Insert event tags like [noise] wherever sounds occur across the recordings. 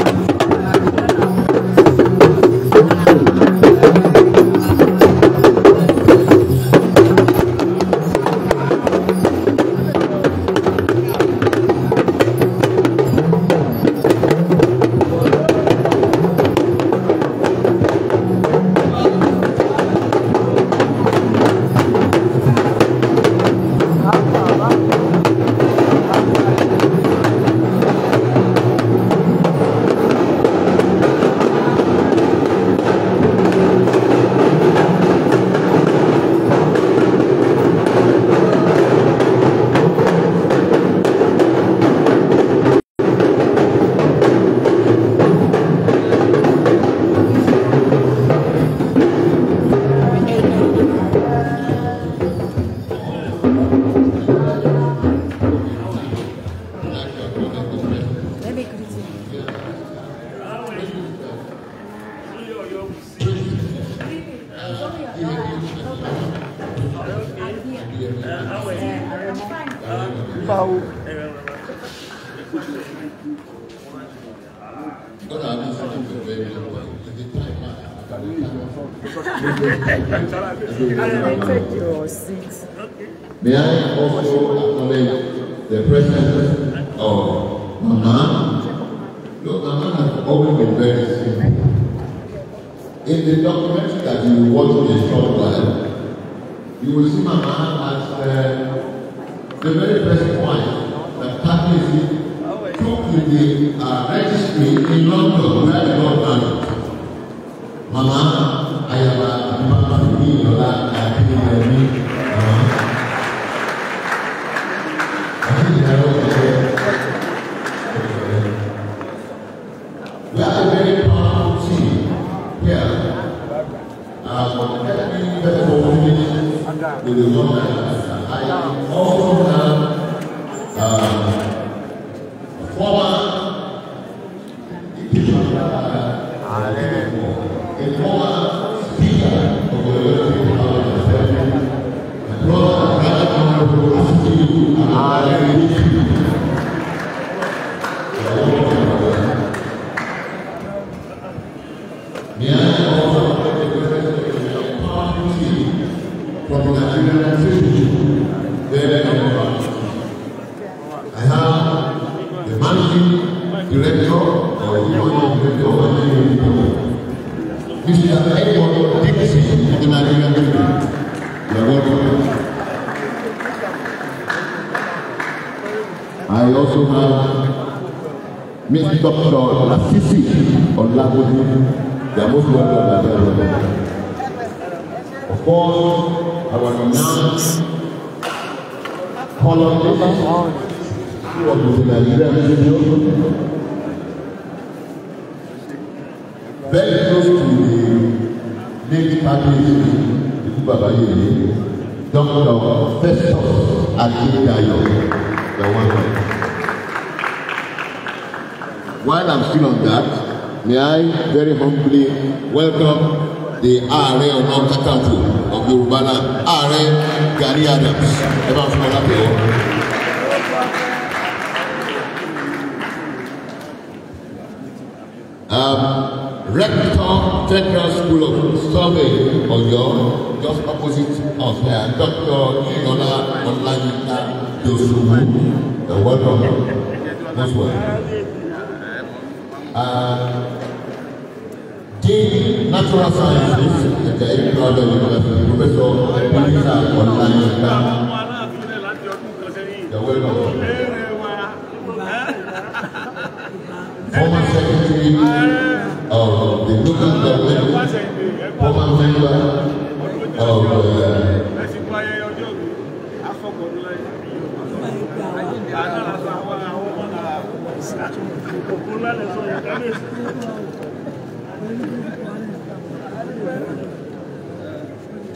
Thank you. with the young I also have. Uh, very humbly welcome the Ààrẹ Ọ̀nà Kakanfò of Yorùbá land Ààrẹ Gani Adams ẹ bá fún ọ lápẹ ọ. Um, Rector Federal School of Survey Ọ̀yọ́ just opposite us here Doctor Iyola Ọláyínká Dosuwu ẹ wọ́n dọ̀ cultural sciences ẹ̀ka ẹ̀ka ọ̀dọ̀ university professor Olisa Ọláyínká. Former secretary of the local government, former member of uh,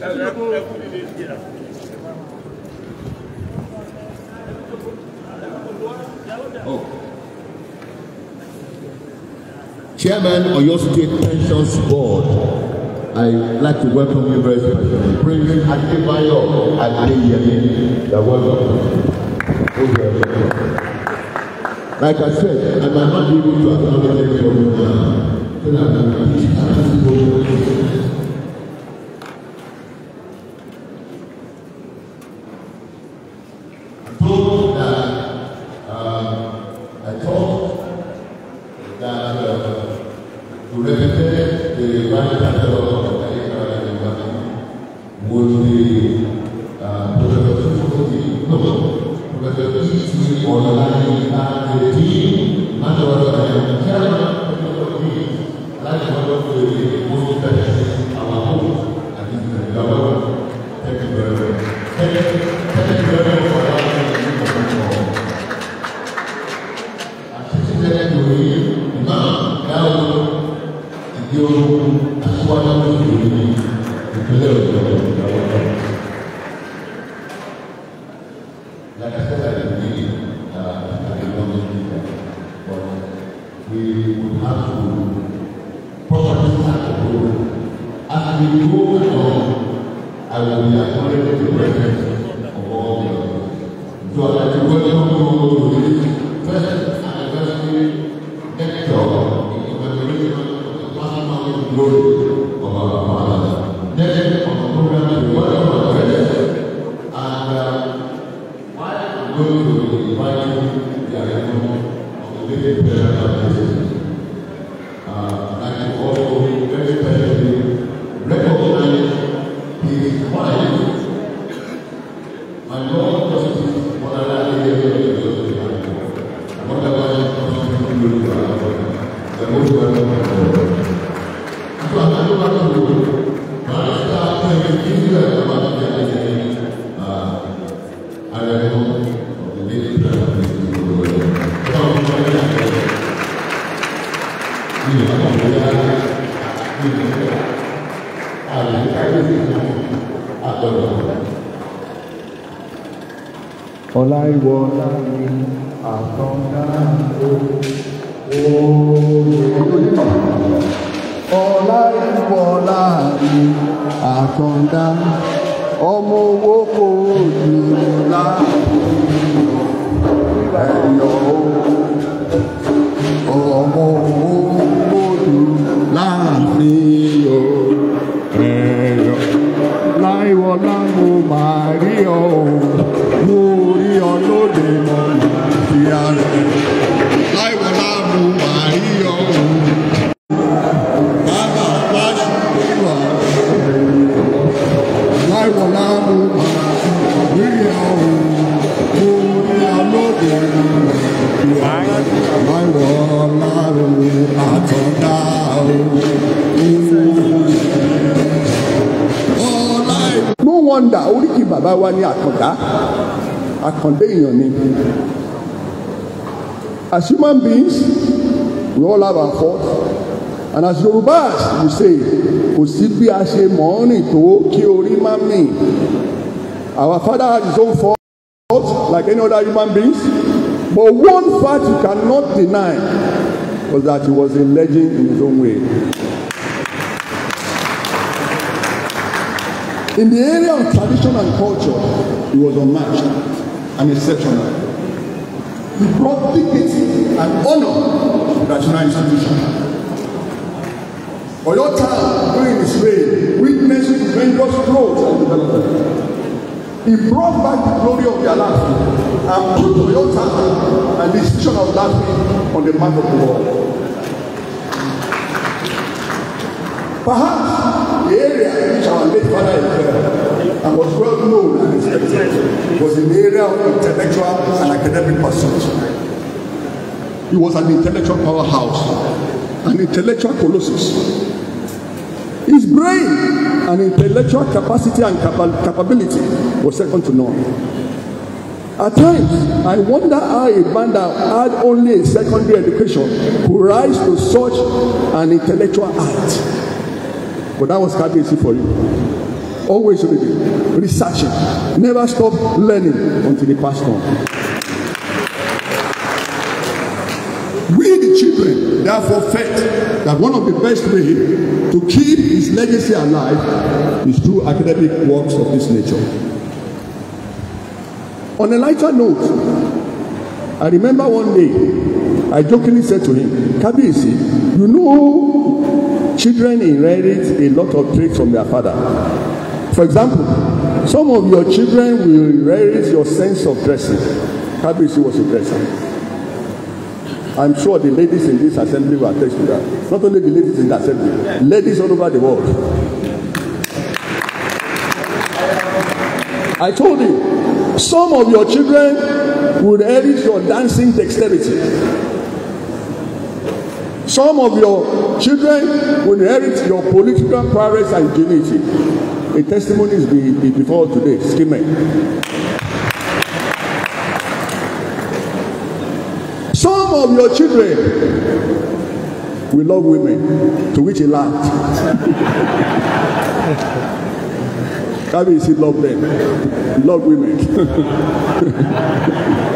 Oh. Chairman of your State Pensions Board, I'd like to welcome you very specially. Prince Adebayo Adeyemi, you're welcome. Like I said, I might not be able to acknowledge every of you now. èèyàn ni as human beings we all have our faults and as Yorubas you say kò sí bí a ṣe mọ̀ ọ́n rìn tó kí orí má mì our father had his own faults, like any other human beings but one fact you cannot deny was that he was a legend in his own way. In the area of tradition and culture, he was unmatched. I'm exceptional. He brought dignity and honor to the national institution. Oyo town during his reign witnessed tremendous growth and development. He brought back the glory of their land and put Oyo town and the institution of that on the map of the world. Perhaps the area which our late father is there. I was well known and respected. was in the area of intellectual and academic pursuit. He was an intellectual powerhouse, an intellectual colossus. His brain and intellectual capacity and capa- capability was second to none. At times, I wonder how a man that had only a secondary education could rise to such an intellectual height. But that was KBC for you. Always reading, researching, never stop learning until the past We the children therefore felt that one of the best ways to keep his legacy alive is through academic works of this nature. On a lighter note, I remember one day, I jokingly said to him, Kabisi, you know, children inherit a lot of traits from their father. For example, some of your children will raise your sense of dressing. Kabisi was a dresser. I'm sure the ladies in this assembly will attest to that. Not only the ladies in the assembly, ladies all over the world. I told you, some of your children will inherit your dancing dexterity. Some of your children will inherit your political prowess and dignity. The testimonies be, be before today. Amen. Some of your children will love women, to which he laughed. That means he loved them, he loved women. [laughs]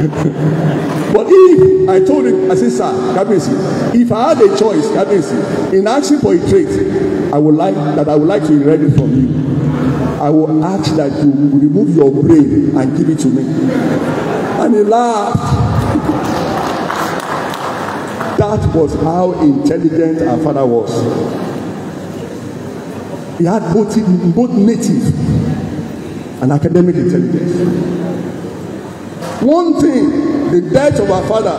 [laughs] but if I told him, I said, sir, that means if I had a choice, that means in asking for a trait, I would like that I would like to inherit it from you. I will ask that you remove your brain and give it to me. And he laughed. [laughs] that was how intelligent our father was. He had both, both native and academic intelligence. One thing the death of our father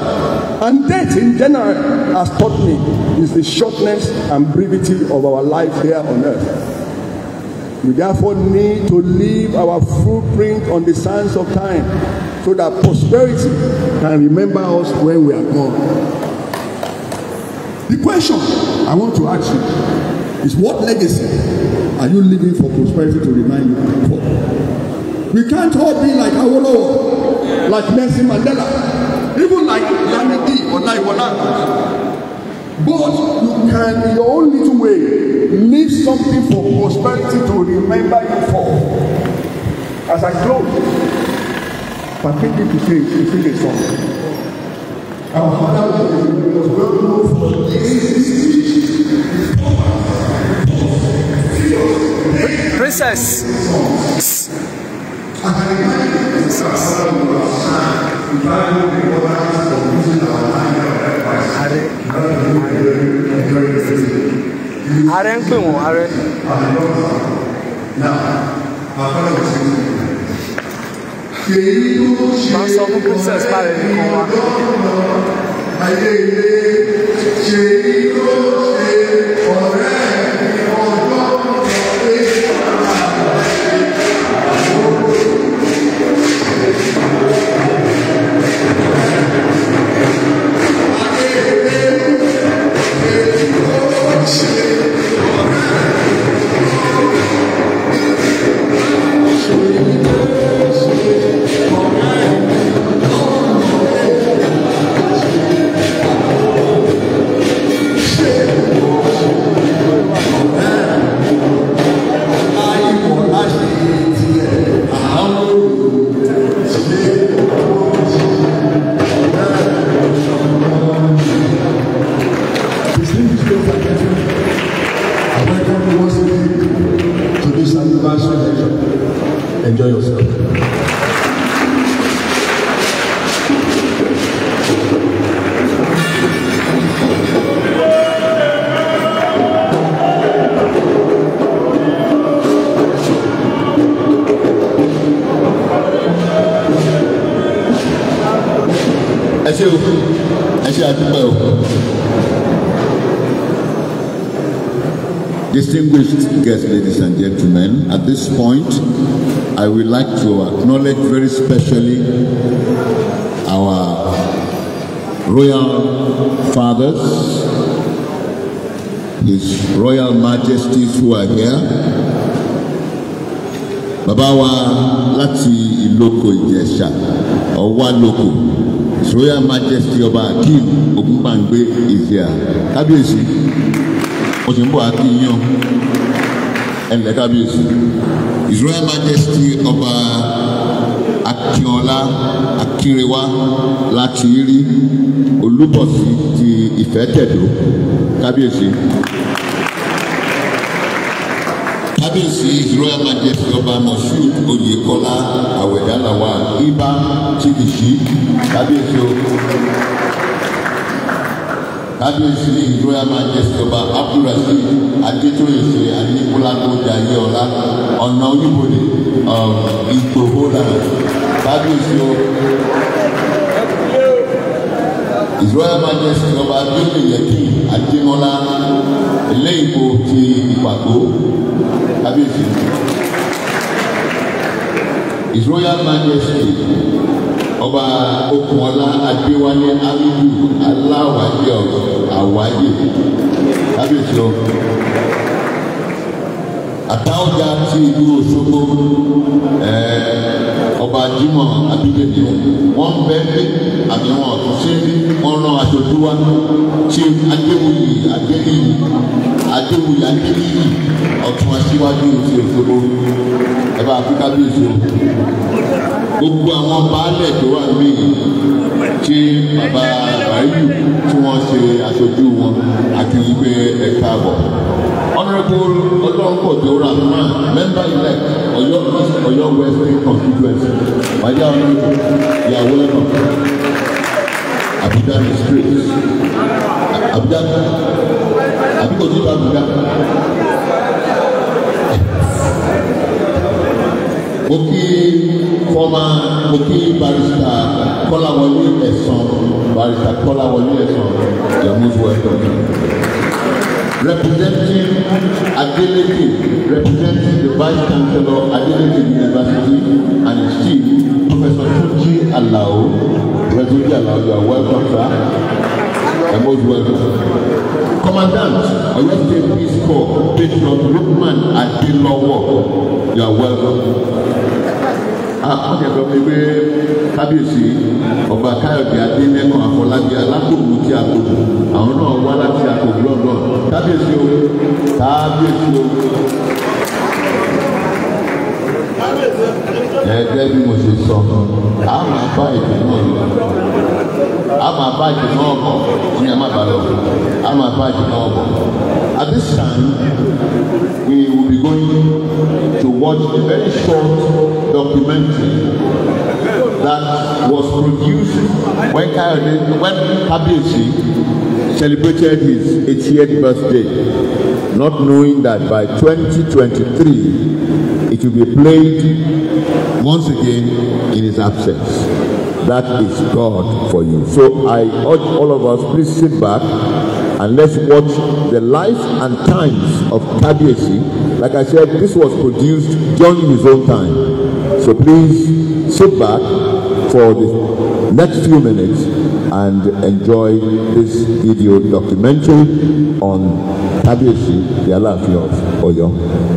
and death in general has taught me is the shortness and brevity of our life here on earth. We therefore need to leave our footprint on the sands of time so that prosperity can remember us when we are gone. The question I want to ask you is what legacy are you leaving for prosperity to remind you for? We can't all be like Awolowo like Nelson Mandela, even like Lamidi or Naiwala. But you can, in your own little way, leave something for prosperity to remember you for. As I close, permit me to sing to sing a song. Our father was well known for this. Princess. Are ń pè wọ́n ààrẹ. máa sọ fún princess báyìí nìkan wá. ayé ilé ṣe ìlú ṣe ọ̀rẹ́ ìwọ̀n. Música I would like to acknowledge very specially our royal fathers, His Royal Majesties who are here. Bàbá wa láti Ìlókò Ìjẹ̀ṣà Ọ̀wá Lókò His Royal Majesty Ọba Akeem Ògúnbàngbé is here. Kábíyèsí, mo ti ń bọ̀ àti yín ẹnlẹ kábíyèsí his royal majesty ọba akínọlá akínrewá láti rí olúbọ̀sí ti ìfẹ́tẹ̀dó kábíyèsí. kábíyèsí his royal majesty ọba moshood oyèkọ́lá àwẹ̀dálàwà ibà tìlìṣí kábíyèsí o kábíyèsí ní his royal majesty ọba abdulrasheed adétòyèsè adékúnlágbó jayé ọlá ọ̀nà oníbodè um, ìgbòho làwọn kábíyèsí o his royal majesty ọba adétòyèkì adémọlá eléyìnbó ti ìpàgó kábíyèsí his royal majesty ọba okunola adéwálé aliyu aláwàdí àwáyé kábíyèsí o àtàwọjà ti ìlú òṣogbo ọba jimoh abidjan wọn bẹ bí àmì wọn ọtún sí wọn rán aṣojú wa tí adéwòye adéyìí adéwòye adéyìí ọtún aṣíwájú ti òṣogbo ẹ bá fi kábíyèsí o gbogbo àwọn baálẹ̀ tó wà mí tí bàbá àbáyù tí wọ́n ṣe aṣojú wọn àti wípé ẹ káàbọ̀. honourable ọlọ́nkọ̀dé rahman member elect ọ̀yọ́ ọ̀yọ́ western constituency my dear honourable you are welcome abuja district abuja àbíkò tí abuja. mo kí representing the vice chancellor adeleke university and his chief professor tunji alao reverend alao you are welcome sir yamuzu ẹ̀dọ́. Commandant Oyo State Peace Corps, Patriot you are welcome wọ́n ti sọ pé kábíyèsí ọba káyọ̀dé adélẹ́nu àfọlábí alákòwò tí a kò àwọn náà wá láti àkòwò lọ́dọ̀ kábíyèsí o kábíyèsí o. ẹgbẹ́ mo ṣe sọ àwọn àbá ìdùnnú ọ̀la a máa báàgì náà bọ̀ ní a máa bá lọ a máa báàgì at this time we will be going to watch a very short documentary that was produced when Kayode when Kabiyesi celebrated his 80th birthday not knowing that by 2023 it will be played once again in his absence. That is God for you. So I urge all of us, please sit back and let's watch the life and times of Tadeshi. Like I said, this was produced during his own time. So please sit back for the next few minutes and enjoy this video documentary on Tadeshi, the Alafi of Oyo.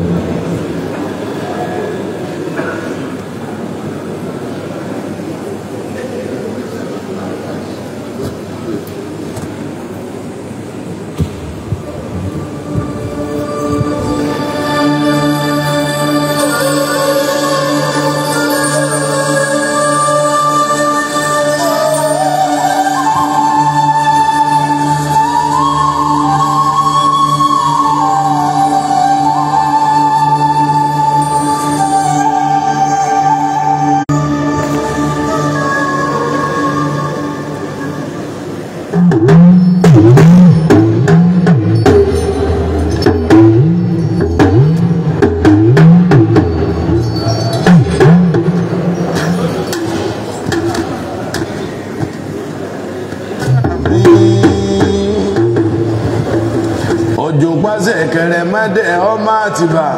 zẹ̀kẹ̀rẹ̀ mẹ́dẹ̀ ọmọ àtìbà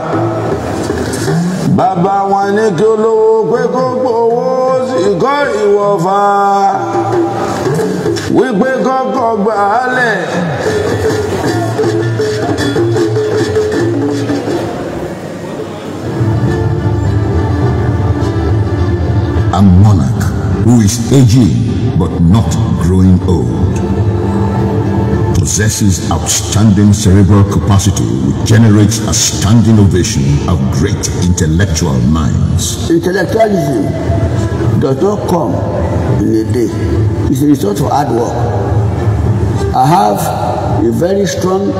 bàbá wọn ní kí olówó pé kó gbowó sí kọ́ ìwọ̀fà wípé kọ́kọ́ gbà á lẹ̀. A monarch who is aging but not growing old possesses outstanding cerebral capacity which generates a standing ovation of great intellectual minds. Intellectualism does not come in a day. It's a result of hard work. I have a very strong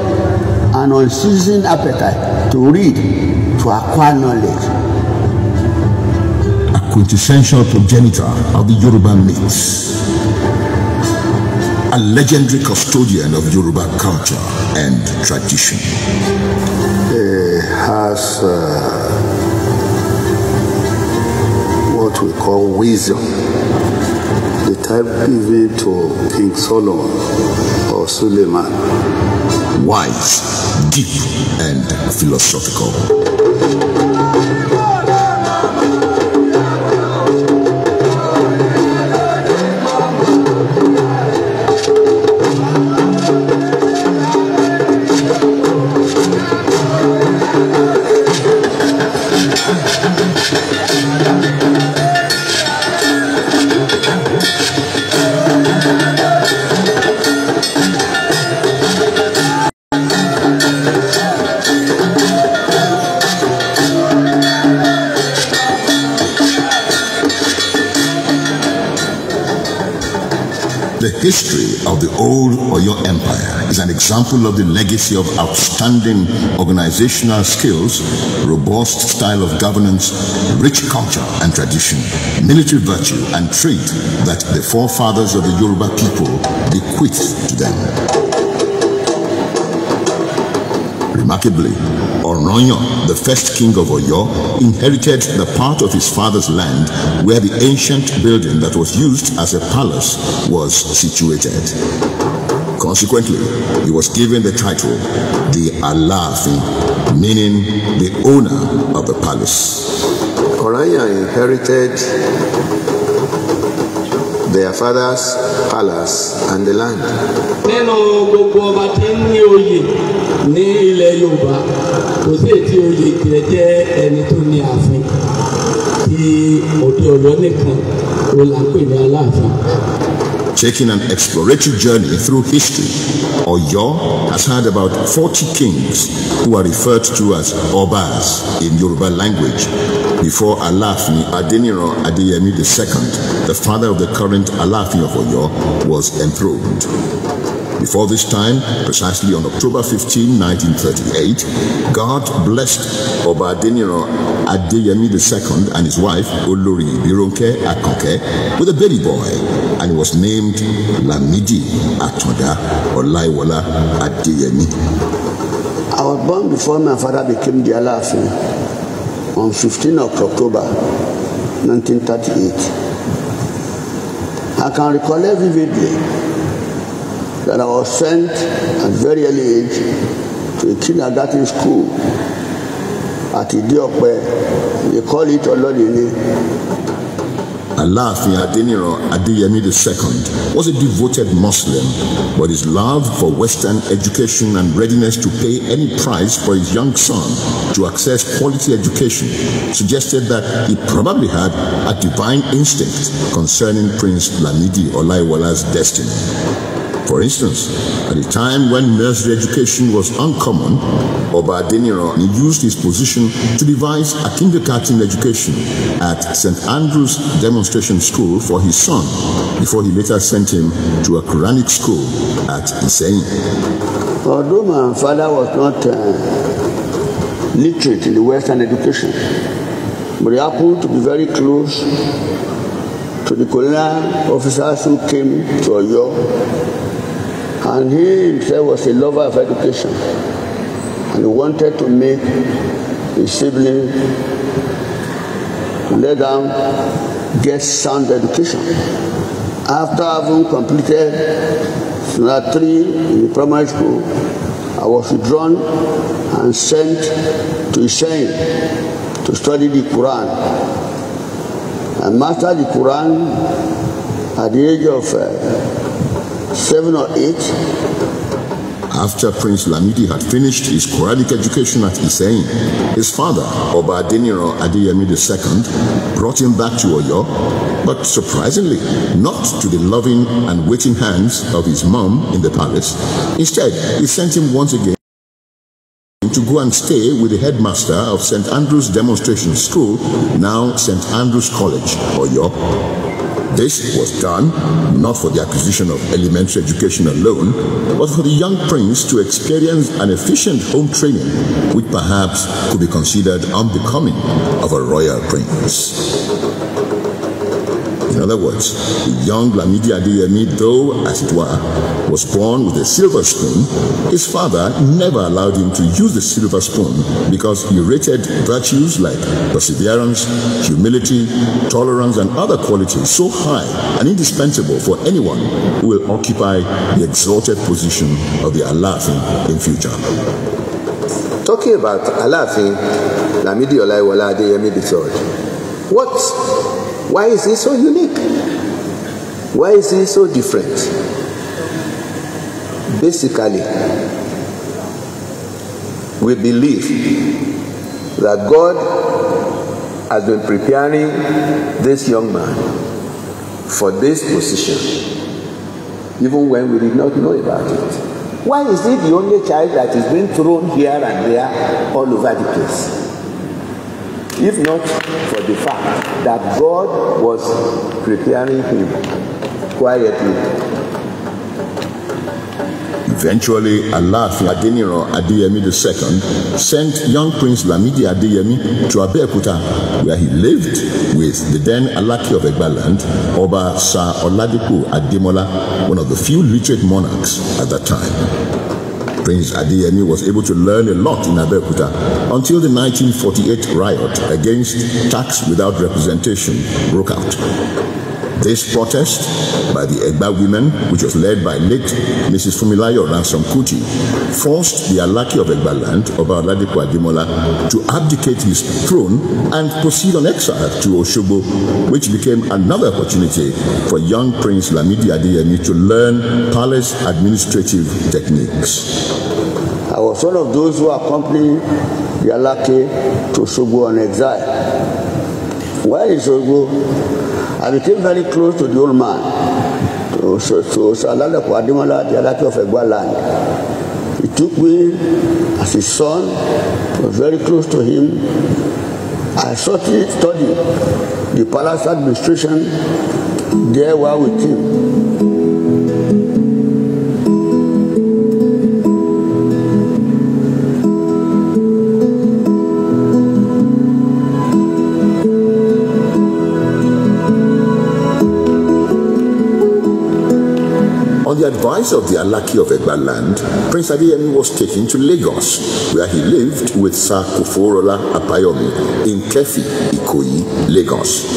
and unceasing appetite to read, to acquire knowledge quintessential progenitor of the Yoruba myths. a legendary custodian of Yoruba culture and tradition. He has uh, what we call wisdom, the type given to King Solomon or Suleiman. Wise, deep, and philosophical. The history of the old Oyo Empire is an example of the legacy of outstanding organizational skills, robust style of governance, rich culture and tradition, military virtue and trait that the forefathers of the Yoruba people bequeathed to them. Remarkably, Oronyan, the first king of Oyo, inherited the part of his father's land where the ancient building that was used as a palace was situated. Consequently, he was given the title the Alafi, meaning the owner of the palace. Oronyan inherited their fathers' palace and the land. nínú gbogbo ọba tí ń ní oyè ní ilẹ̀ Yorùbá kò sí ètí oyè tiẹ̀ jẹ́ ẹni tó ní ààfin tí òde Ọ̀yọ́ nìkan ló là ń pè ní Aláàfin. Taking an exploratory journey through history, Oyo has had about 40 kings who are referred to as Obas in Yoruba language before Alaafin Adeniran Adeyemi II, the father of the current Alaafin of Oyo, was enthroned. Before this time, precisely on October 15, 1938, God blessed Oba Adeniro Adeyemi II and his wife, Olori Bironke Akonke, with a baby boy, and he was named Lamidi Atoda Olaiwola Adeyemi. I was born before my father became the Alaafin. on 15 of October 1938. I can recollect vividly that I was sent at very early age to a kindergarten school at Idiope, they call it Olodini, Alaafin Adeniran Adeyemi II was a devoted Muslim, but his love for Western education and readiness to pay any price for his young son to access quality education suggested that he probably had a divine instinct concerning Prince Lamidi Olaiwala's destiny. For instance, at a time when nursery education was uncommon, Oba Adeniran used his position to devise a kindergarten education at St. Andrew's Demonstration School for his son, before he later sent him to a Quranic school at Iseyin. Although my father was not uh, literate in the Western education, but he happened to be very close to the colonial officers who came to Oyo And he himself was a lover of education. And he wanted to make his siblings to let them get sound education. After having completed Sunat 3 in the primary school, I was withdrawn and sent to Hussein to study the Quran. I mastered the Quran at the age of uh, seven or eight. After Prince Lamidi had finished his Quranic education at Iseyin, his father, Oba Adeniro Adeyemi II, brought him back to Oyo, but surprisingly, not to the loving and waiting hands of his mom in the palace. Instead, he sent him once again to go and stay with the headmaster of St. Andrew's Demonstration School, now St. Andrew's College, Oyo. This was done not for the acquisition of elementary education alone, but for the young prince to experience an efficient home training, which perhaps could be considered unbecoming of a royal prince. In other words, the young Lamidi Adeyemi, though, as it were, was born with a silver spoon, his father never allowed him to use the silver spoon because he rated virtues like perseverance, humility, tolerance, and other qualities so high and indispensable for anyone who will occupy the exalted position of the Alafin in future. Talking about Alafin, Lamidi Olaiwola Adeyemi III, what Why is he so unique? Why is he so different? Basically, we believe that God has been preparing this young man for this position even when we did not know about it. Why is he the only child that is being thrown here and there all over the place? if not for the fact that God was preparing him quietly. Eventually, Allah Adéníran Adéyẹmí II sent young Prince Lamidi Adéyẹmí to Abeokuta, where he lived with the then Alaki of Egbaland, Oba Sir Oladipo Ademola, one of the few literate monarchs at that time. Prince Adeyemi was able to learn a lot in Abeokuta until the 1948 riot against tax without representation broke out. This protest by the Egba women, which was led by late Mrs. Fumilayo Ransom Kuti, forced the Alaki of Egba land, Oba Adimola, to abdicate his throne and proceed on exile to Oshobo, which became another opportunity for young Prince Lamidi Adeyemi to learn palace administrative techniques. I was one of those who accompanied the Alaki to Oshobo on exile. Where is Oshobo? I became very close to the old man, so to, to Salada Kwadimola, the Alaki of Egwa land. He took me as his son, was very close to him. I studied, studied the palace administration there while with him. On the advice of the Alaki of Egba Prince Adeyemi was taken to Lagos, where he lived with Sir Kuforola Apayomi in Kefi, Ikoyi, Lagos.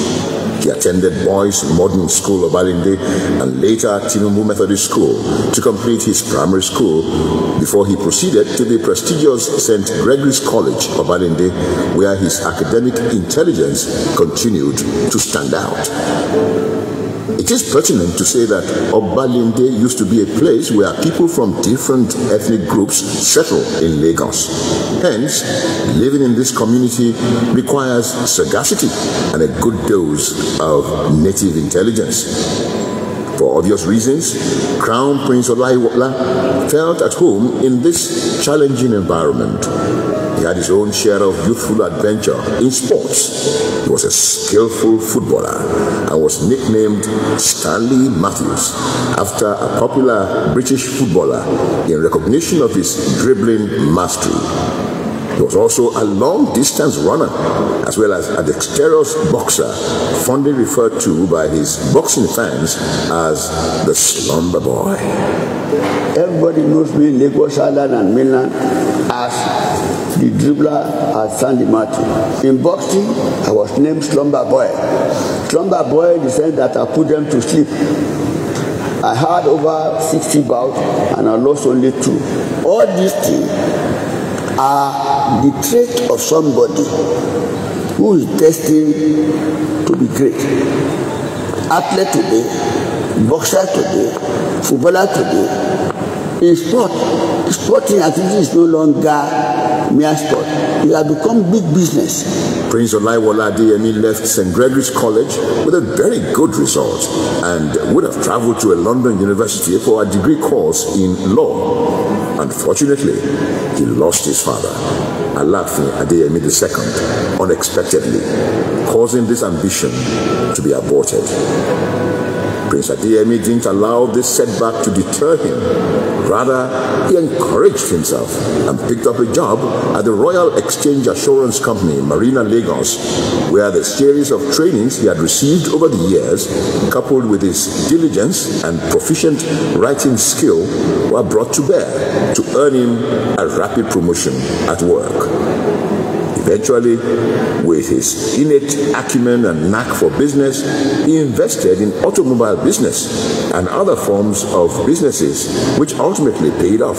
He attended Boys Modern School of Alinde and later Tinubu Methodist School to complete his primary school before he proceeded to the prestigious St. Gregory's College of Alinde where his academic intelligence continued to stand out. It is pertinent to say that Obalinde used to be a place where people from different ethnic groups settled in Lagos. Hence, living in this community requires sagacity and a good dose of native intelligence. For obvious reasons, Crown Prince Olaiwola felt at home in this challenging environment he had his own share of youthful adventure in sports. He was a skillful footballer and was nicknamed Stanley Matthews after a popular British footballer in recognition of his dribbling mastery. He was also a long distance runner, as well as a dexterous boxer, fondly referred to by his boxing fans as the Slumber Boy. Everybody knows me in Lagos Island and Milan as the dribbler at Sandy Martin. In boxing, I was named Slumber Boy. Slumber Boy in the sense that I put them to sleep. I had over 60 bouts and I lost only two. All these things are the trait of somebody who is destined to be great. Athlete today, boxer today, footballer today. In sport, Sporting activities no longer mere sport. It has become big business. Prince Olaiwola Adeyemi left St. Gregory's College with a very good result and would have travelled to a London university for a degree course in law. Unfortunately, he lost his father, Alaafin Adeyemi II, unexpectedly, causing this ambition to be aborted. Prince Adeyemi didn't allow this setback to deter him. Rather, he encouraged himself and picked up a job at the Royal Exchange Assurance Company, Marina Lagos, where the series of trainings he had received over the years, coupled with his diligence and proficient writing skill, were brought to bear to earn him a rapid promotion at work. Eventually, with his innate acumen and knack for business, he invested in automobile business and other forms of businesses, which ultimately paid off,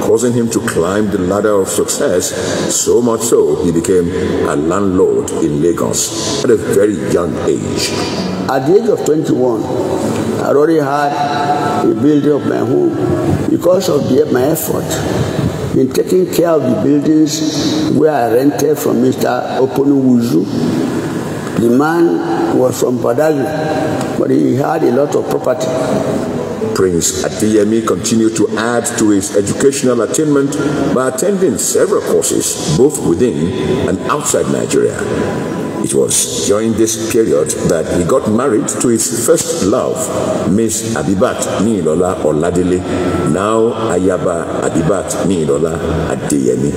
causing him to climb the ladder of success, so much so he became a landlord in Lagos at a very young age. At the age of 21, I already had a building of my home because of the, my effort. Been taking care of the buildings where I rented from Mr. Oponuwuzu. The man was from Badagry, but he had a lot of property. Prince Adeyemi continued to add to his educational attainment by attending several courses both within and outside Nigeria. It was during this period that he got married to his first love, Miss Abibat Niilola Oladile, now Ayaba Abibat Niilola Adeyemi.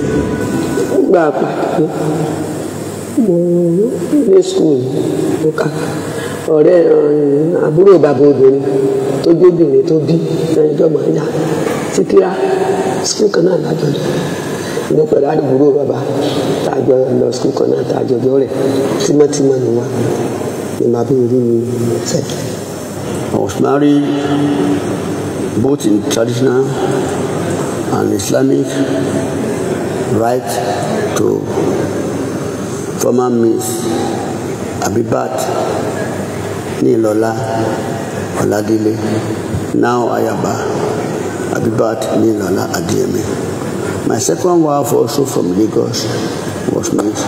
Nígbà àpàtàkì mo ní skul mo kà ọ̀rẹ́ eh, àbúrò bàbá obìnrin tó jóbìnrin tó bí ẹni jọmọ ẹ̀yà títíra skul kan náà lájọ lọ ní pẹ̀lú àdúgbò bàbá tájọ lọ sùkúl kan náà tájọ jọ rẹ̀ tímọ́tímọ́ ni wá ni màá bí orí mi sẹ́. I was married both in traditional and Islamic right to former Miss Abibat Lola Oladile, now Ayaba Abibat Ni Lola Adiemi. My second wife also from Lagos was Miss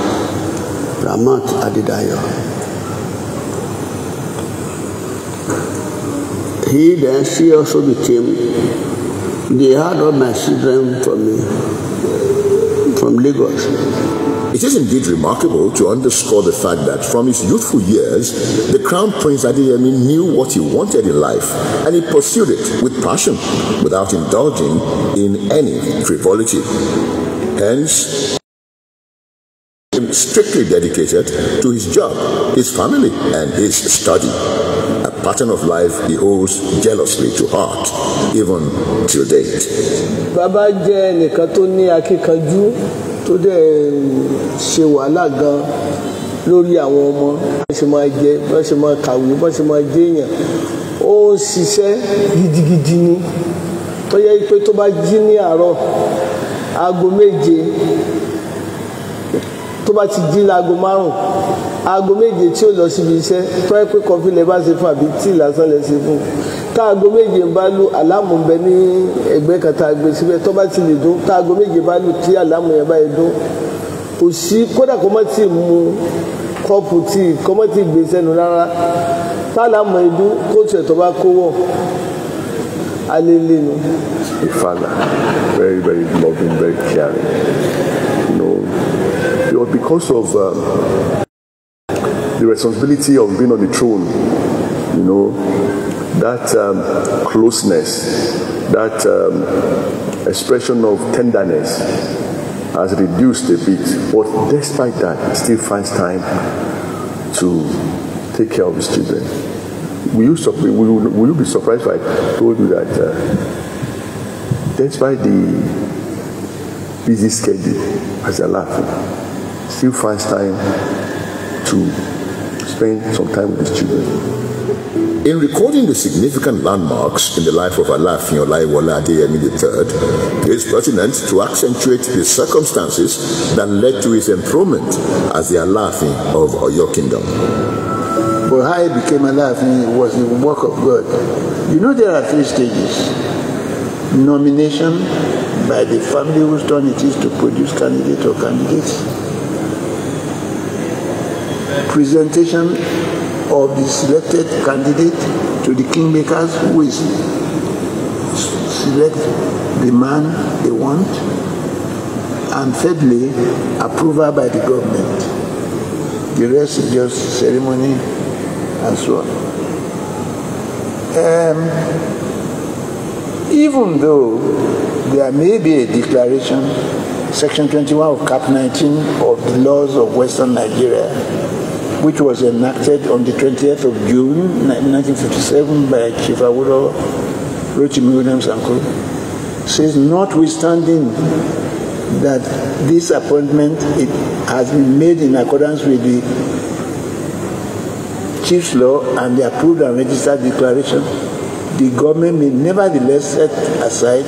Ramat Adidayo. He then, she also became, they had all my children for me, from Lagos. It is indeed remarkable to underscore the fact that from his youthful years, the Crown Prince Adeyemi knew what he wanted in life and he pursued it with passion without indulging in any frivolity. Hence, strictly dedicated to his job, his family, and his study. A pattern of life he holds jealously to heart, even till date. Bàbá tó tó dẹ̀ ṣe wàhálà gan lórí àwọn ọmọ bọ́n ṣe máa jẹ bọ́n ṣe máa kàwé bọ́n ṣe máa jẹ èèyàn ó ń ṣiṣẹ́ gidigidi ni tó yẹ pé tó bá jí ní àárọ̀ aago méje tó bá ti jí láago márùn aago méje tí ó lọ síbi iṣẹ́ tó yẹ pé kọfí lẹ bá ṣe fún àbí tíì lásán lẹ ṣe fún táago méje bá lu àlámù bẹ ní ẹgbẹ́ kan gbé síbẹ̀ tó ti lè dún táago méje bá lu tí àlámù yẹn bá yẹ dún kò sí kódà kó má ti mu kọ́pù tí kó má ti gbé sẹ́nu rárá táàlámù yẹn dún kóòtù ẹ̀ tó kó wọ̀ alele nu. A father, very very loving, very caring. You know, it was because of um, the responsibility of being on the throne, you know. that um, closeness, that um, expression of tenderness has reduced a bit. But despite that, still finds time to take care of his children. Will you, will, will you be surprised if I told you that uh, despite the busy schedule, as allowed him still finds time to spend some time with his children? In recording the significant landmarks in the life of Alaafin Olaiwola Adeyemi III, it is pertinent to accentuate the circumstances that led to his enthronement as the Alaafin of Oyo Kingdom. For how he became Alafin was the work of God. You know there are three stages. Nomination by the family whose turn it is to produce candidate or candidates. Presentation of the selected candidate to the kingmakers who is select the man they want and thirdly approval by the government the rest is just ceremony and so on um, even though there may be a declaration section 21 of cap 19 of the laws of western nigeria which was enacted on the 20th of June 1957 by Chief Awuro, Rochim Williams uncle. says notwithstanding that this appointment it has been made in accordance with the Chief's law and the approved and registered declaration, the government may nevertheless set aside,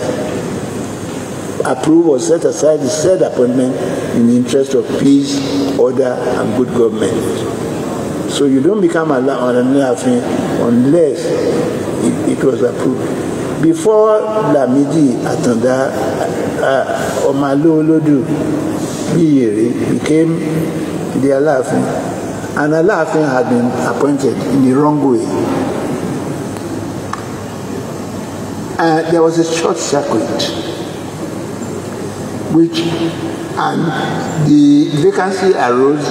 approve or set aside the said appointment in the interest of peace, order and good government. So you don't become Allah on Alaafin unless it, it was approved. Before Lamidi Atanda uh, Omalolodu Biyere became the Alaafin, and Alaafin had been appointed in the wrong way. Uh, there was a short circuit which and the vacancy arose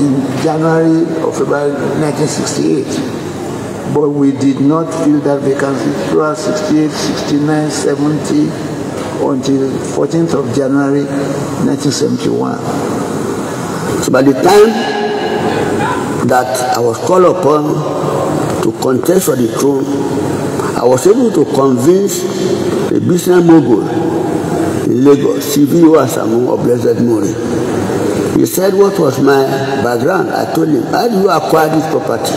in January or February 1968 but we did not fill that vacancy throughout 68, 69, 70 until 14th of January 1971. So by the time that I was called upon to contest for the throne, I was able to convince a business mogul in Lagos, Chief Iwasamu of Blessed Mori. He said, What was my background? I told him, How did you acquire this property?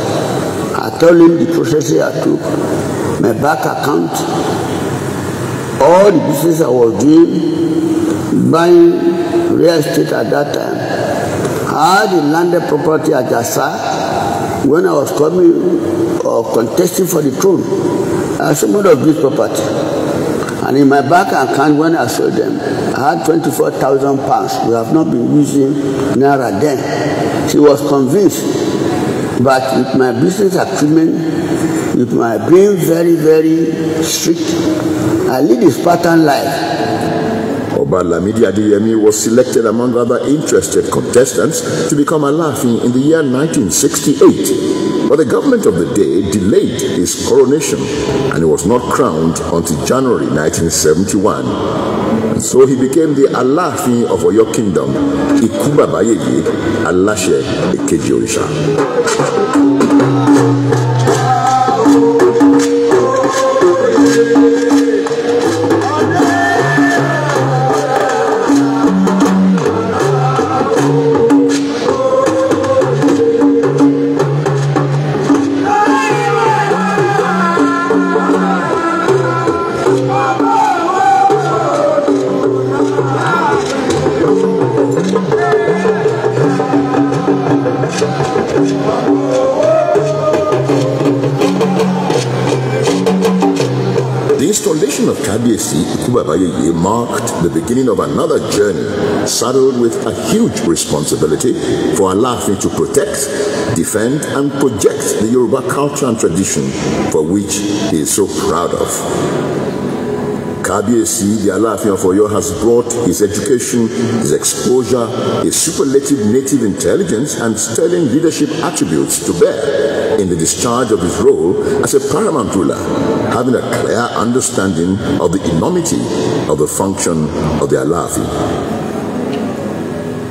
I told him the processes I took, my bank account, all the business I was doing, buying real estate at that time. I the landed property at Jasa when I was coming or contesting for the throne. I sold most of this property. And in my bank account, when I sold them, I had twenty-four thousand pounds. We have not been using Naira then. She was convinced. But with my business acumen, with my being very, very strict, I lead a Spartan life. Oba Lamidi Adeyemi was selected among other interested contestants to become a laughing in the year 1968. But the government of the day delayed his coronation and he was not crowned until January 1971. And so he became the Alaafin of Oyo Kingdom, Ikubabayeye Aláṣẹ Èkejì Òrìṣà. beginning of another journey, saddled with a huge responsibility for Alaafin to protect, defend, and project the Yoruba culture and tradition for which he is so proud of. Kábíyèsí, the Aláàfin of Ọ̀yọ́, has brought his education, his exposure, his superlative native intelligence, and sterling leadership attributes to bear in the discharge of his role as a paramount ruler, having a clear understanding of the enormity of the function of the alafi.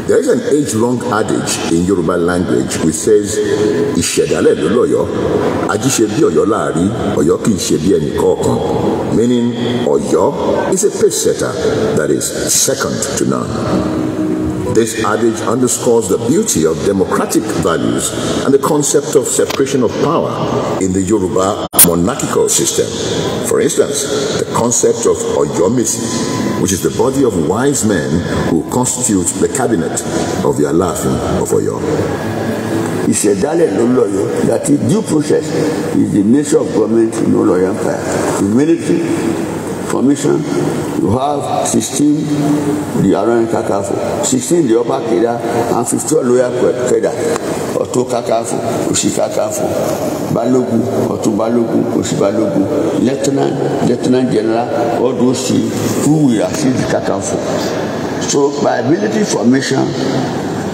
There is an age-long adage in Yoruba language which says, Ìṣẹ̀dálẹ̀ ló lawyer, ajíṣe bí Ọ̀yọ́ lari, Ọ̀yọ́ kì í ṣe bí meaning Oyo, is a pace setter that is second to none. This adage underscores the beauty of democratic values and the concept of separation of power in the Yoruba monarchical system. For instance, the concept of Oyomisi, which is the body of wise men who constitute the cabinet of the Alaafin of Oyo. ìṣẹ̀dálẹ̀ ló lọ́yọ̀ that is due process is the nature of government no lawyer empire the military formation you have sixteen the around kakafo sixteen the upper keda and fifteen lower keda ọ̀tún kakafo òsì kakafo balógun ọ̀tún balógun òsì balógun lieutenant lieutenant general all those who will assist kakafo so by military formation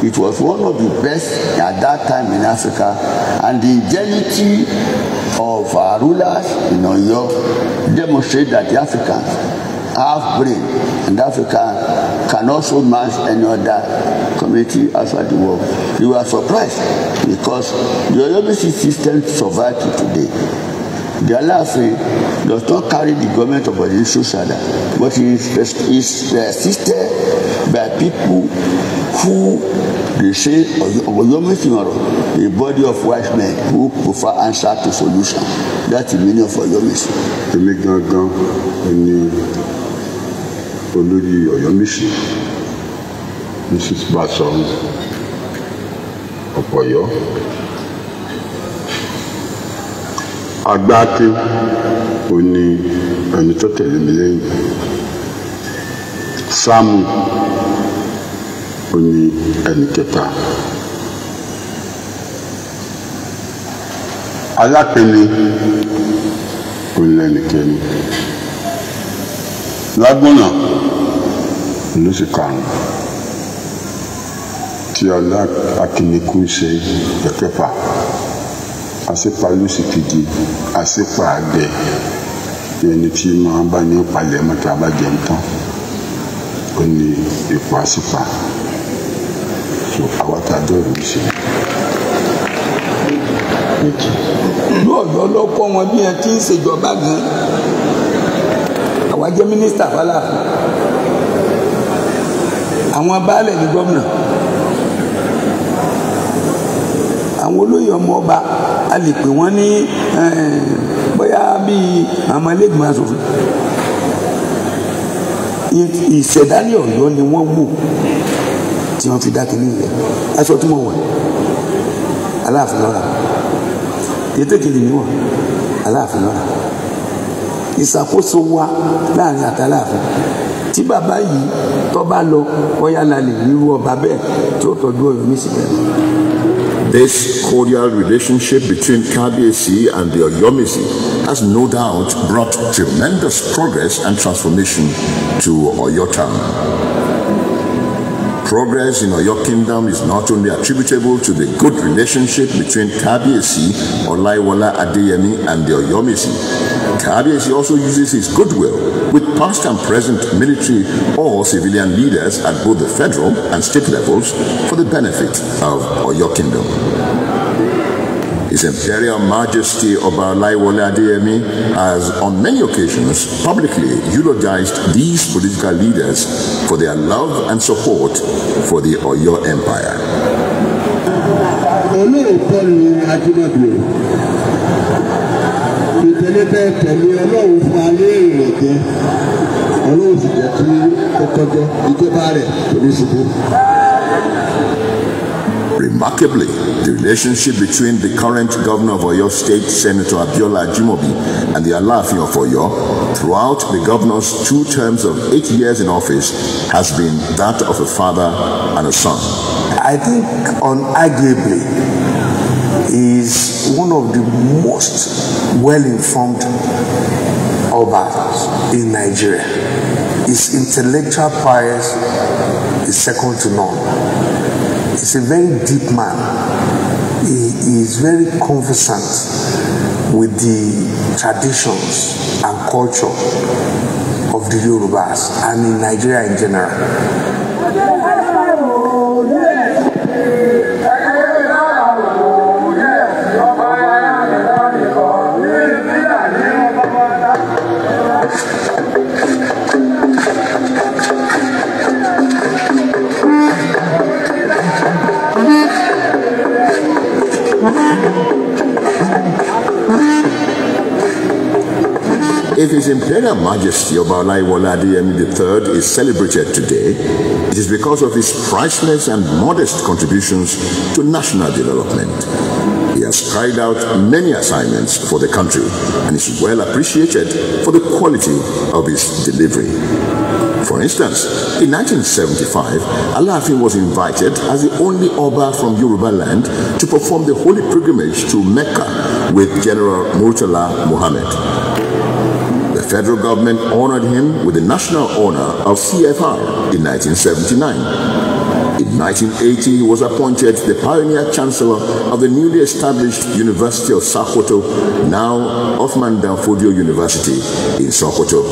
It was one of the best at that time in Africa. And the ingenuity of our rulers in Oyo demonstrate that the Africans have brain and Africa can also match any other community outside the world. We were surprised because the Oyobisi system survived to today. The Alaafin does not carry the government of Odinsu Sada, but is, is assisted by people who They say Oyomefin ọ̀rọ̀ a body of wise men who prefer answer to solution. That is meaning of Oyomefin. Èmi gangan ni olórí Oyomefin Mrs. Basom Ọ̀pọ̀yọ́. Agbáke ò ní ẹni tó tẹ̀lé mi lẹ́yìn. Sáàmù ó ní ẹnì kẹta. alápẹ̀ni ó ní ẹnì kẹni lágbónà ló sì karùn tí ọlá akínníkù ṣe kẹkẹfà àṣepa ló sì kejì àṣepa àgbẹ̀ ẹni tí máa bá ní palẹ̀ mọ́tò abájẹ́ ń tán ó ní ipò àṣepa so àwa tá a jọ ìlú ṣe. lóòyọ́ ló kọ́ wọn bí ẹ ti ń ṣèjọba gan àwa jẹ́ mínísítà fàlàfà àwọn baálẹ̀ ní gómìnà àwọn olóyè ọmọ ọba a lè pè wọ́n ní bóyá bíi àwọn ẹlẹ́gbẹ̀ẹ́ asòfin ìṣẹ̀dálẹ̀ ọ̀yọ́ ni wọ́n wò tí wọ́n fi dá kínní yẹ aṣọ tí mo wọ̀ aláàfin lọ́ra ètò ìkìlì mi wọ̀ aláàfin lọ́ra ìṣàkóso wa láàrin àtàláàfin tí bàbá yìí tó lọ bóyá la lè ọba bẹ́ẹ̀ tí ó tọ́jú ọ̀yọ́ mi síbẹ̀. This cordial relationship between Kabiyesi and the Oyomesi has no doubt brought tremendous progress and transformation to Oyo town. Progress in Oyo Kingdom is not only attributable to the good relationship between Kabiyesi, Olaiwola Adeyemi, and the Kabiye Kabiyesi also uses his goodwill with past and present military or civilian leaders at both the federal and state levels for the benefit of Oyo Kingdom. His Imperial Majesty Oba Laiwale Adeyemi has on many occasions publicly eulogized these political leaders for their love and support for the Oyo Empire. olóòótọ́ ni ajínigbé ìtẹ̀lé tẹ̀lé ọlọ́run fún ayé ìrẹ̀jẹ ọlọ́run sì jẹ́ kí ó kọjọ ìjọba rẹ̀ kò ní ṣubú. Remarkably, the relationship between the current governor of Oyo State, Senator Abiola Jimobi, and the Alaafin of Oyo throughout the governor's two terms of eight years in office has been that of a father and a son. I think unarguably is one of the most well-informed Obas in Nigeria. His intellectual prowess is second to none. He's a very deep man. He, is very conversant with the traditions and culture of the Yorubas and in Nigeria in general. If His Imperial Majesty Obalai Waladiyemi III is celebrated today, it is because of his priceless and modest contributions to national development. He has carried out many assignments for the country and is well appreciated for the quality of his delivery. For instance, in 1975, Alaafin was invited as the only Oba from Yoruba land to perform the holy pilgrimage to Mecca with General Murtala Muhammad federal government honored him with the National Honor of CFR in 1979. In 1980, he was appointed the pioneer chancellor of the newly established University of Sokoto, now Othman Danfodio University in Sokoto.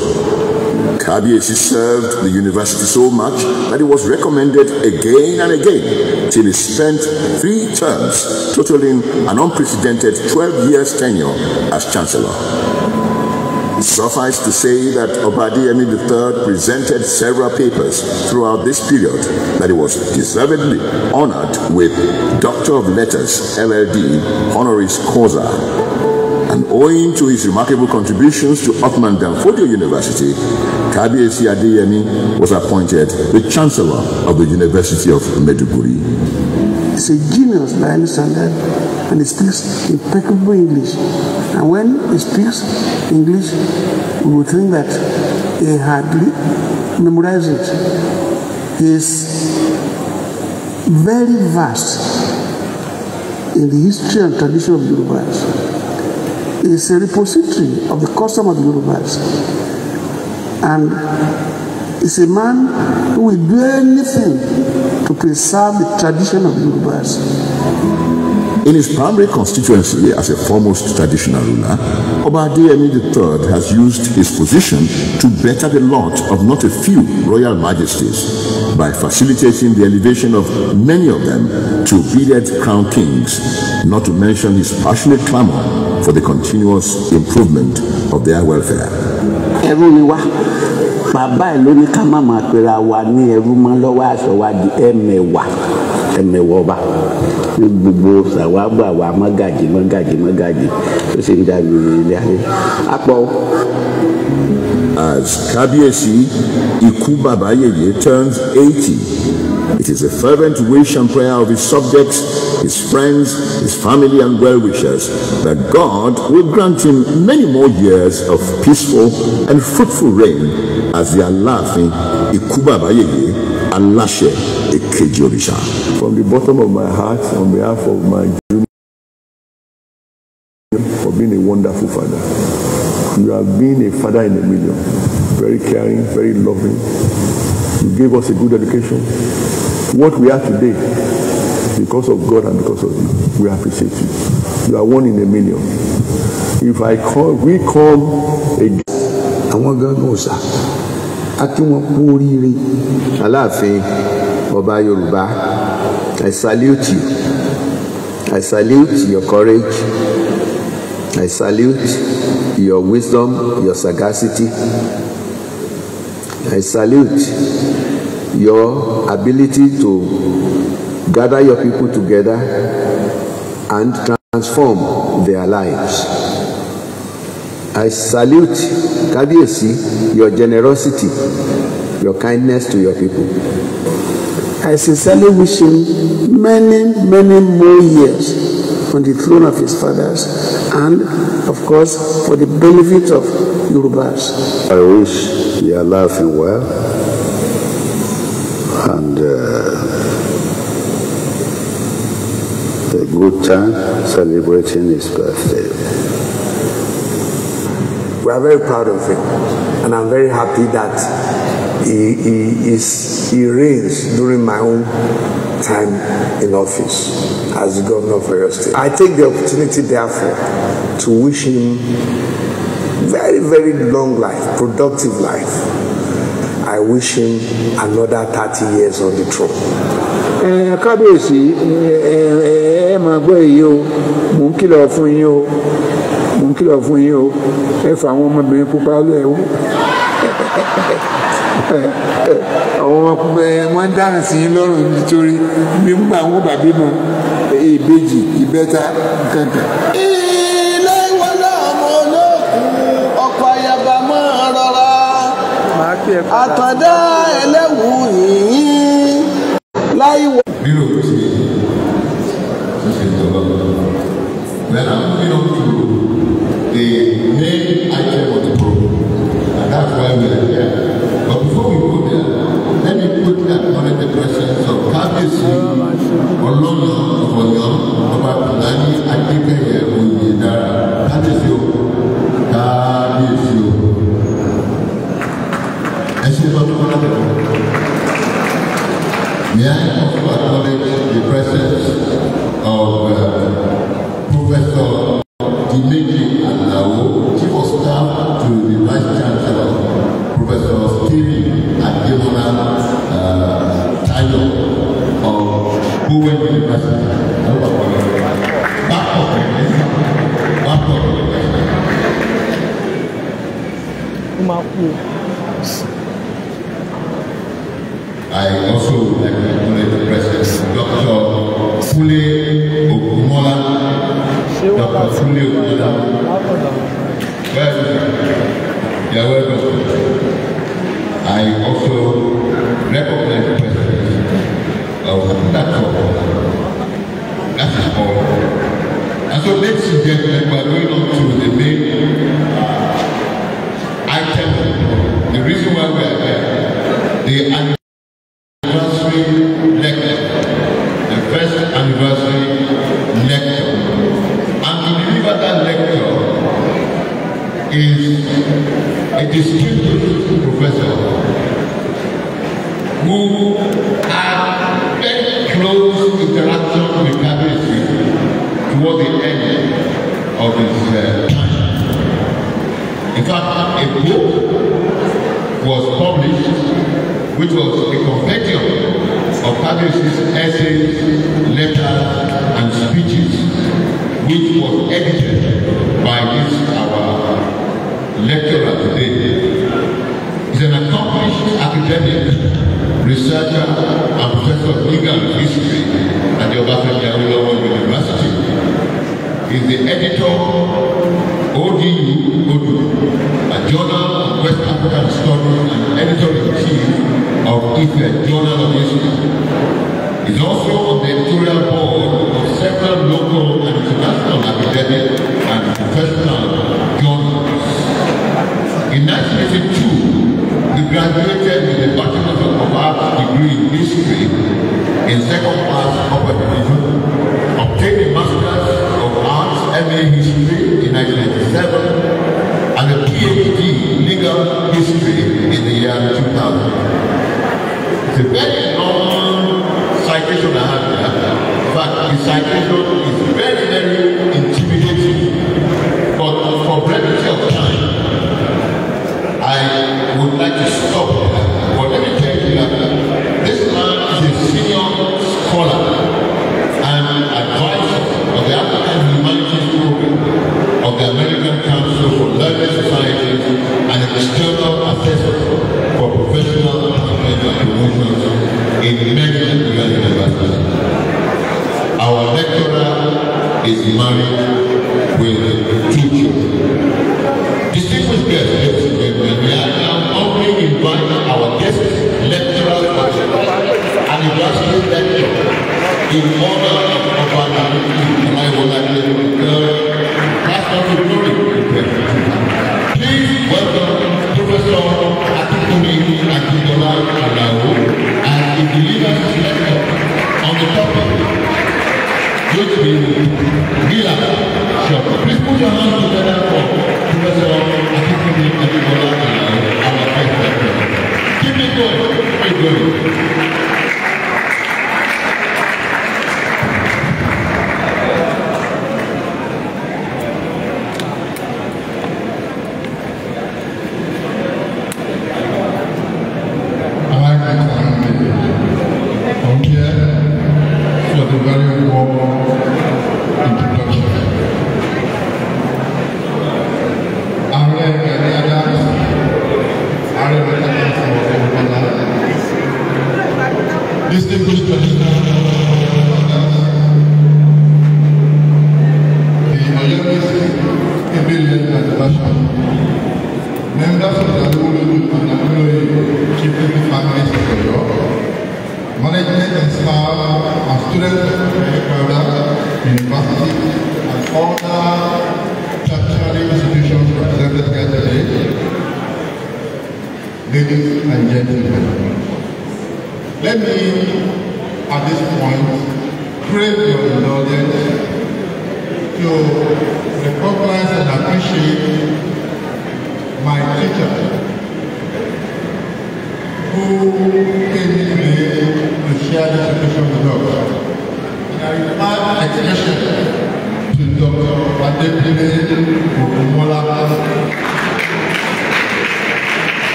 Kabiesi served the university so much that he was recommended again and again till he spent three terms, totaling an unprecedented 12 years tenure as chancellor. Suffice to say that Obadiah III presented several papers throughout this period that he was deservedly honored with Doctor of Letters, LLD, honoris causa and owing to his remarkable contributions to Othman Danfodio University, Kabiesi Adeyemi was appointed the Chancellor of the University of Meduguri. He's a genius, by any standard, and he speaks impeccable English. And when he speaks English, we would think that he had memorized it. He is very vast in the history and tradition of Yorubas. He is a repository of the custom of the Yorubas. And is a man who will do anything to preserve the tradition of Yorubas. In his primary constituency as a foremost traditional ruler, Oba Adeyemi III has used his position to better the lot of not a few royal majesties by facilitating the elevation of many of them to bearded crown kings, not to mention his passionate clamor for the continuous improvement of their welfare. bàbá ẹ ló ní ká má máa pera wa ní ẹrú mọ lọ́wọ́ àṣọ wa di ẹmẹ̀wà ẹmẹwọ ní gbogbo sàwágbà wa mọ́gàjì mọ́gàjì mọ́gàjì tó sì ń da lulu ilé ayé apọ. As Kábíyèsí Ikú Bàbá Yèyé turns eighty. It is a fervent wish and prayer of his subjects, his friends, his family, and well wishers that God will grant him many more years of peaceful and fruitful reign as the Aláàfin Ikú Bàbá Yèyé aláṣẹ èkejì òrìṣà. from the bottom of my heart on behalf of my junior for being a wonderful father you have been a father in a million very caring very loving you gave us a good education what we are today because of God and because of you we appreciate you you are one in a million if I call we call a. àwọn gángan ò sá a kí wọn kú oríire aláàfin ọba yorùbá i salute you i salute your courage i salute your wisdom your sagacity i salute your ability to gather your people together and transform their lives. I salute Kabiyesi, your generosity, your kindness to your people. I sincerely wish him many, many more years on the throne of his fathers and, of course, for the benefit of Yorubas. I wish you are laughing well and uh, a good time celebrating his birthday. We are very proud of him. And I'm very happy that he, he, is, he reigns during my own time in office as governor of Oyo State. I take the opportunity, therefore, to wish him very, very long life, productive life. I wish him another thirty years on the throne. ẹ eh, kábíyèsí ẹ eh, eh, ẹ máa gbọ́ èyí o mò ń kìlọ̀ fún yín o mo ń kìlọ̀ fún yín o ẹ fà àwọn ọmọbìnrin pupa lẹ̀ o àwọn ọmọkùnrin wọn dáhùn sí yín lọ́rùn nítorí nígbà wọn bàbí mọ ìbejì ìbẹ́ta kankan. ilé wọn náà mọ olókùn ọkọ ayaba máa rọra àtọ̀dá ẹlẹ́wù yìnyín láìwọ. bírò tí ṣe ìjọba bẹ́ẹ̀ náà bírò tí o the main item of the program. And that's why we are here. But before we go there, let me put that on the presence of Kabisi Olona. I also recognize the presence of that couple. That is all. And so, ladies and gentlemen, we are going on to the main uh, item. The reason why we are there, the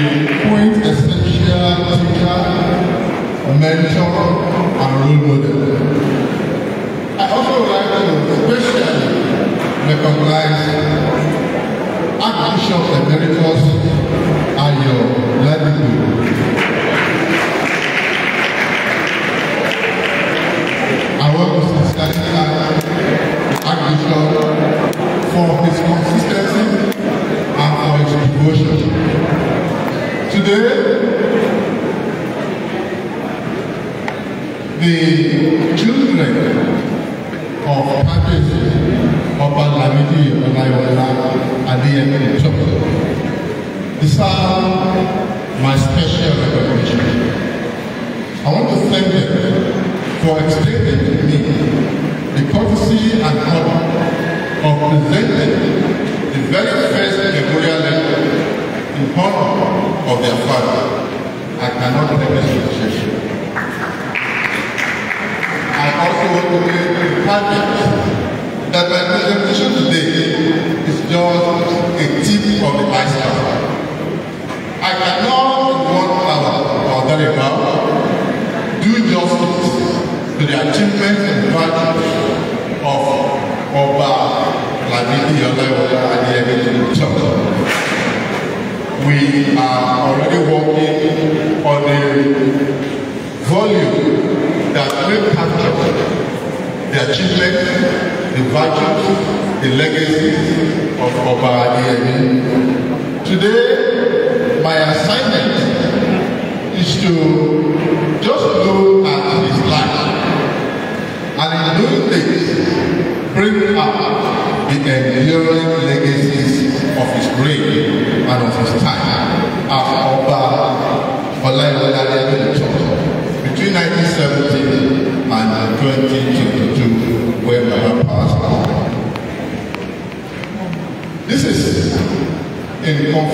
appoint essential teacher, a mentor, and a role model. I also like to especially recognize Archbishop Emeritus Ayo Ladipo. I want to sincerely Archbishop for his consistency and for his devotion dìde the children of Kábíyèsí Ọba Lámídì Ọláyíwọlá Adéyẹmí Ìjọba deserve my special recognition. I want to thank them for extending me the courtesy and honor of presenting the very first memorial lecture in honor of their father. I cannot represent the church. I also want to the emphatic that my presentation today is just a tip of the iceberg. I cannot in one hour or thereabout do justice to the achievements and values of Ọba Lamidi Ọláyíwọlá Adéyẹmí Church we are already working on the volume that will capture the achievement, the values, the legacy of Oba Adeyemi. Today,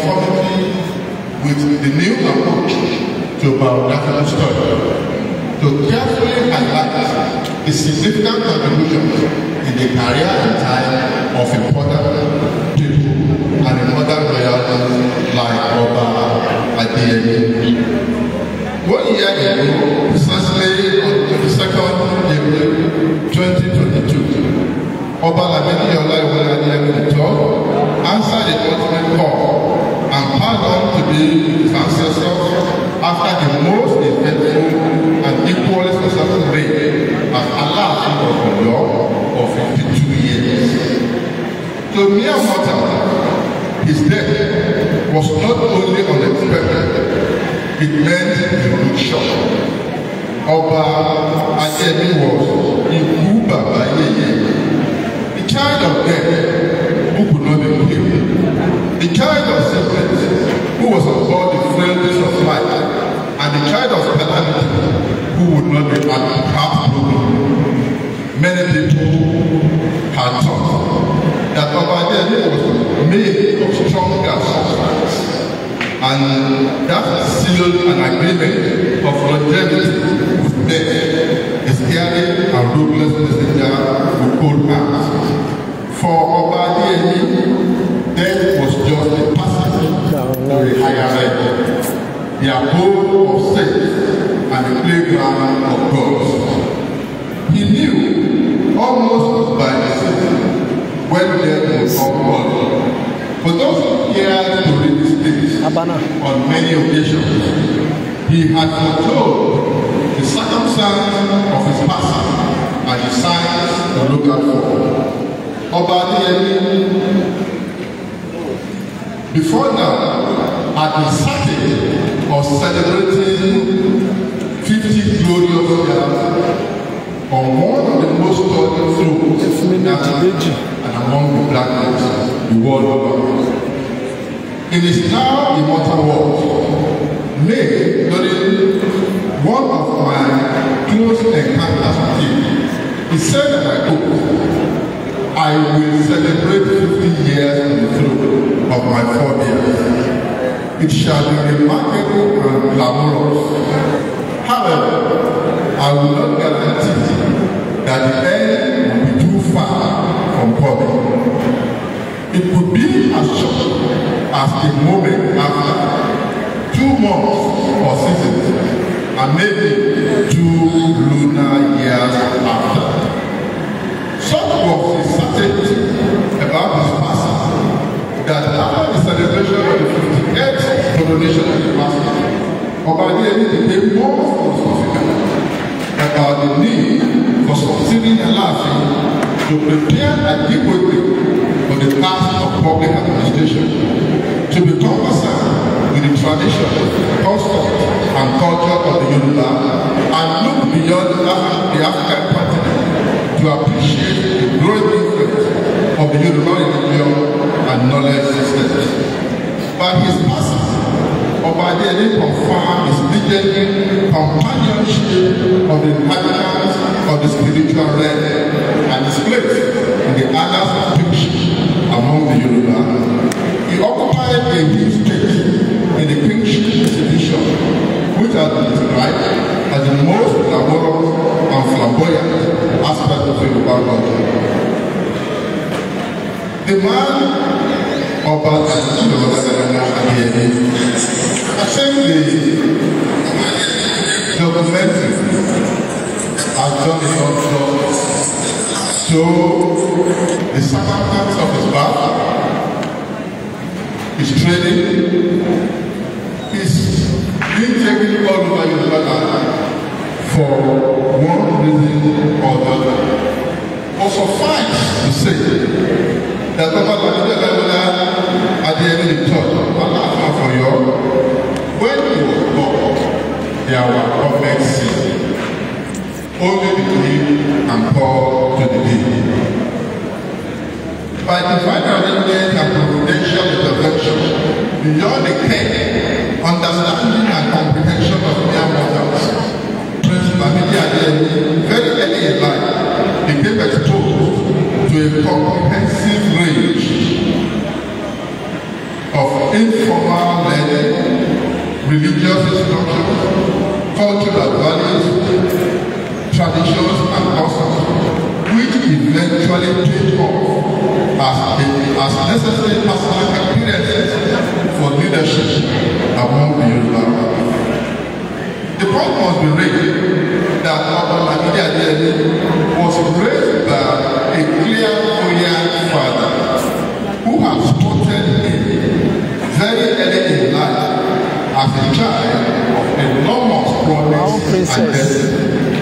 conformity with the new approach to biomedical study to carefully highlight the significant contributions in the career and time of important people and in modern realities like Oba Adeyemi. Uh, e. One year ago, precisely on 22nd April 2022, Oba Lamidi Olayiwola Adeyemi III answered the ultimate call found out to be successful after the most effective and equally successful reign as Aláàfin of the law of two years. To mere mortal, his death was not only unexpected, it meant a big shock. Ọba Adéyẹmí was ikú bàbá yẹyẹ. The child of death who could not be killed. The child of serpent who was of all the frailties of life, and the child of calamity, who would not be at heartbroken. Many people had thought that Obadiah was made of stronger substance, and that sealed an agreement of longevity with death, is hearing and ruthless messenger with cold hands. For Obadiah, death was just a to a higher level. The abode of saints and the playground of God. He knew almost by decision when death would come upon. For those who cared to read this things on many occasions, he had foretold the circumstance of his passing and the signs to look out for. Ọba Adéyẹmí Before now, at the certain of celebrating 50 glorious years on one of the most important flows in Ghana and among the black nations the world over. It is now immortal world. Nay, during one of my close encounters with him, he said that I could I will celebrate 50 years in through of my four years. It shall be remarkable and glamorous. However, I will not guarantee that the end will be too far from coming. It could be as short as the moment after two months or seasons and maybe two lunar years after. Such was his state about his passing that after the celebration of the 58th coronation of the master, Obadiah became more philosophical about the need for sustaining a lasting to prepare adequately for the task of public administration, to be concerned with the tradition, custom, and culture of the Yoruba, and look beyond the African to appreciate the growing influence of the Yoruba religion and knowledge systems. By his passing, Ọba Adéyẹlé confirmed his legendary companionship of the inhabitants of the spiritual realm and his place in the annals of kingship among the Yoruba. He occupied a deep space in the kingship institution scripture as the most glamorous and flamboyant aspect of Yoruba culture. The man ọba The same day done as own Johnson show the circumstance of his birth, his training, taking God over your brother for one reason or another. But suffice to say that Baba Babide Babila at the end of the church, Baba Afafoyo, when he was born, there were perfect sin. Only between him and Paul to the day. By divine arrangement and providential intervention, beyond the care understanding and comprehension of their mothers. Prince Bamidi Adeyemi, very early in life, became exposed to a comprehensive range of informal learning, religious instruction, cultural values, traditions, and customs, which eventually paid off as, a, as necessary personal experiences for leadership among the Yoruba people. The point must be raised that our Lamidi Adeyemi was raised by a clear royal father who has spotted him very early in life as a child of enormous promise oh, princess. and destiny.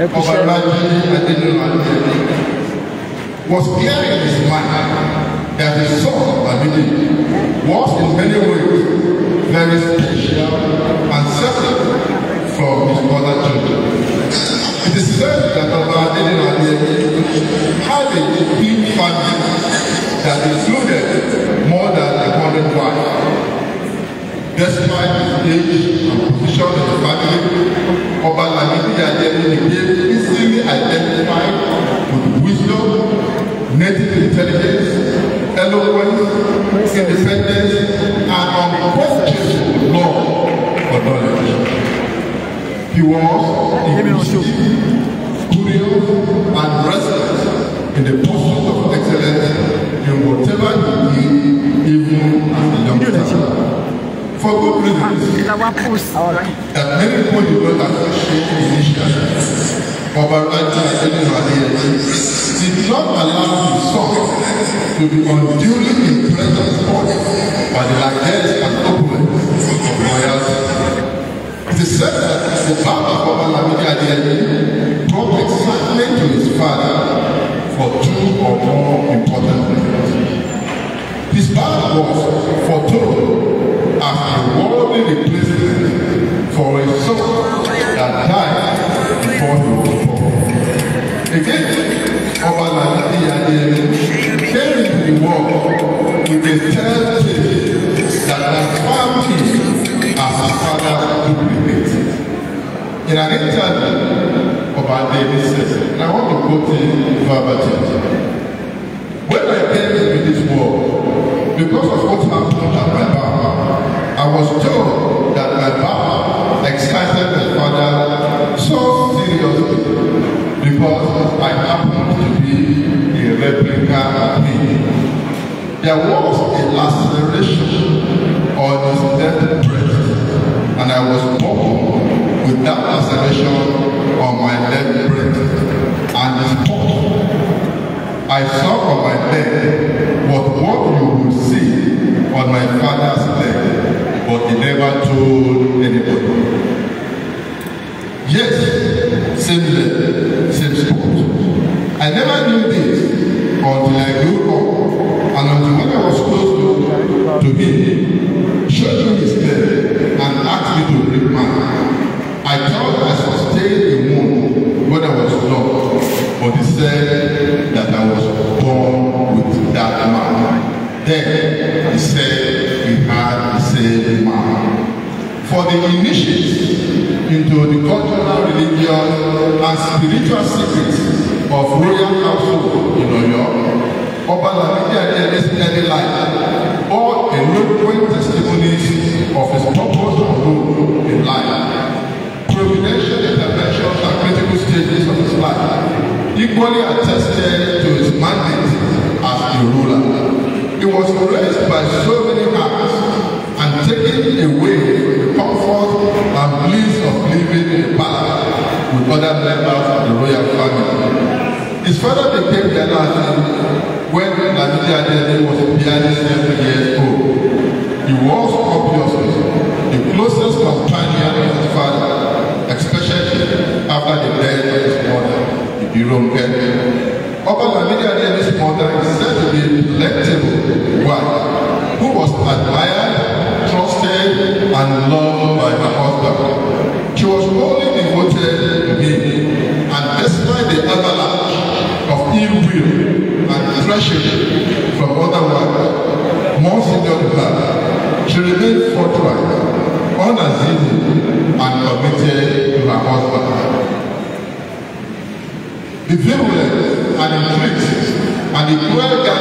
our Lamidi Adeyemi was clear in his mind that his son Abidi was in many ways very special and separate from his other children. It is said that Baba Adele Adeyemi had a deep family that included more than a hundred wives. Despite his age and position in the family, Oba Lamidi Adeyemi became easily identified with wisdom native intelligence, eloquence, independence, and unquestioned law for knowledge. He was inquisitive, curious, and restless in the pursuit of excellence in whatever he did, even as a young child follow prudence. Our post. many people do not appreciate the initiative. Baba Raja Adeniyi did not allow the son to be unduly impressed upon by the largesse and opulence of royalty. It is said that the father of Baba Lamidi Adeniyi taught excitement to his father for two or more important reasons. His father was foretold as a worldly replacement for a soul that died before he was born. Again, ọba làdí adéyẹmí came into the world with a tell that na found him as his father duplicate. In an interview, ọba adéyẹmí said, na I want to go to verbatim. When I came into this world, because of what happened at my was told that my papa excited my father so seriously because I happened to be a replica of him. There was a laceration on his left breast, and I was born with that laceration on my left breast and his I saw on my leg what what you would see on my father's never too Furia The people and the priests and the cruel